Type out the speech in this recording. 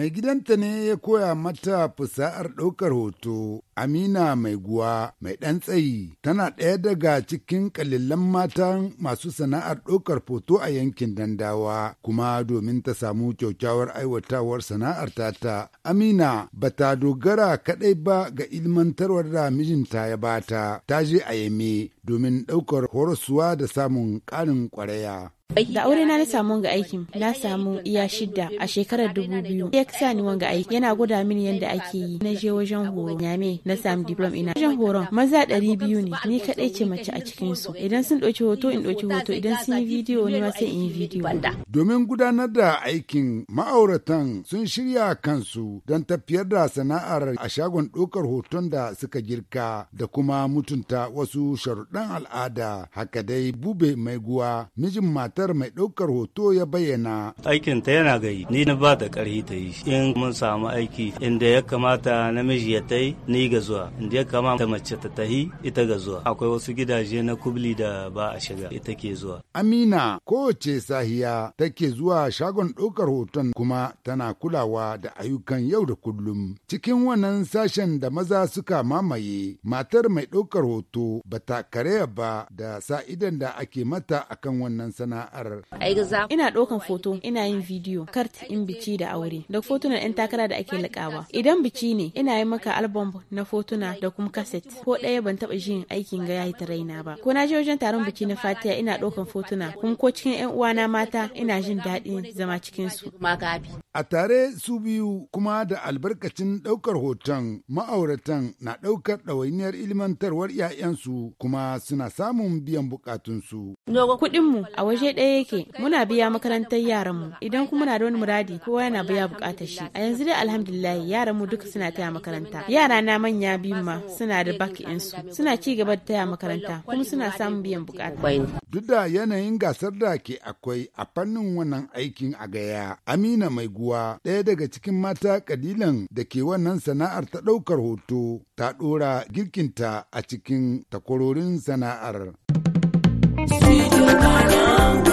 Mai gidanta ne ya koya mata fusa'ar ɗaukar hoto, Amina mai guwa mai ɗan tsayi, tana ɗaya daga cikin ƙalilan matan masu sana'ar ɗaukar hoto a yankin Dandawa, kuma domin ta samu kyaukyawar aiwatawar sana'ar tata. Amina ba ta dogara kaɗai ba ga ilmantarwar da mijinta ya bata, ta je a yame domin ɗaukar horaswa da samun ƙarin ƙwaraya. Da aure na na samu ga aikin, na samu iya shidda a shekarar dubu biyu. Ya kisa ni wanga aiki, yana gwada mini yadda ake yi. Na je wajen horo, nyame na samu diplom ina. Wajen horon maza ɗari biyu ne, ni kaɗai ce mace a cikin su. Idan sun ɗauki hoto in ɗauki hoto, idan sun yi bidiyo ni ma sai in yi bidiyo. Domin gudanar da aikin ma'auratan sun shirya kansu don tafiyar da sana'ar a shagon ɗaukar hoton da suka girka da kuma mutunta wasu sharuɗan al'ada. Haka dai bube mai guwa mijin mata matar mai ɗaukar hoto ya bayyana. Aikin ta yana gayi, ni na ba da ƙarfi ta yi. In mun samu aiki inda ya kamata namiji ya ta yi ni ga zuwa, inda ya kamata mace ta ta tahi ita ga zuwa. Akwai wasu gidaje na kubli da ba a shiga ita ke zuwa. Amina kowace sahiya take zuwa shagon ɗaukar hoton kuma tana kulawa da ayyukan yau da kullum. Cikin wannan sashen da maza suka mamaye matar mai ɗaukar hoto bata kare ba da sa idan da ake mata akan wannan sana'a. sana'ar. Ina ɗaukan foto, ina yin bidiyo, kart in biki da aure, da fotuna 'yan takara da ake likawa. Idan biki ne, ina yi maka album na fotuna da kuma kaset. Ko ɗaya ban taɓa jin aikin ga ta raina ba. Ko na je wajen taron biki na fatiya ina ɗaukan fotuna, kuma ko cikin 'yan uwana mata ina jin daɗin zama cikin su. A tare su biyu kuma da albarkacin ɗaukar hoton ma'auratan na ɗaukar ɗawainiyar ilmantarwar 'ya'yansu kuma suna samun biyan bukatunsu. Kuɗinmu a waje ɗaya yake muna biya makarantar yaranmu idan kuma na da wani muradi kowa yana biya bukatar shi a yanzu dai alhamdulillah yaran mu duka suna taya makaranta yara na manya biyu ma suna da baki su suna ci gaba da taya makaranta kuma suna samun biyan bukata duk da yanayin gasar da ke akwai a fannin wannan aikin a gaya amina mai guwa ɗaya daga cikin mata kalilan da ke wannan sana'ar ta ɗaukar hoto ta ɗora girkinta a cikin takwarorin sana'ar. Studio Malam.